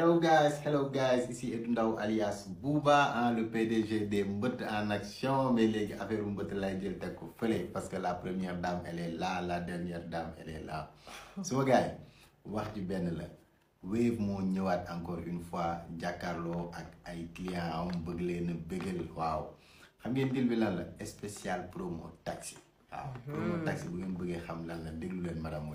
Hello guys, hello guys, ici Edou alias Bouba, hein, le PDG des Mbeut en action mais les affaire Mbeut lay jël teg ko parce que la première dame elle est là la dernière dame elle est là So gars wax ji ben la Wave mo ñëwaat encore une fois jàkkaarloo ak ay clients am bëgg leen bëggel waaw xam ngeen dil bi lan la spécial promo taxi waaw mhm. promo taxi bu ngeen bëggee xam lan la déglu leen madame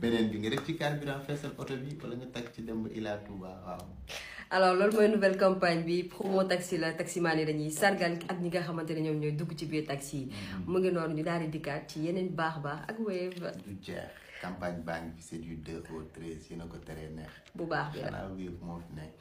beneen bi nga def ci carburant feesal oto bi wala nga takk ci dem ba Ila Touba waaw. alors loolu mooy nouvelle campagne bi promo taxi la taximaan yi dañuy sargal ak ñi nga xamante ne ñoom ñooy dugg ci biir taxi yi. Mm-hmm. mu ngi noonu ñu daal di dikkaat ci yeneen baax baax ak Wave. campagne baa ngi fi du 2 au 13 yéen a ko teree neex. bu baax bi la xanaa Wave moo fi nekk.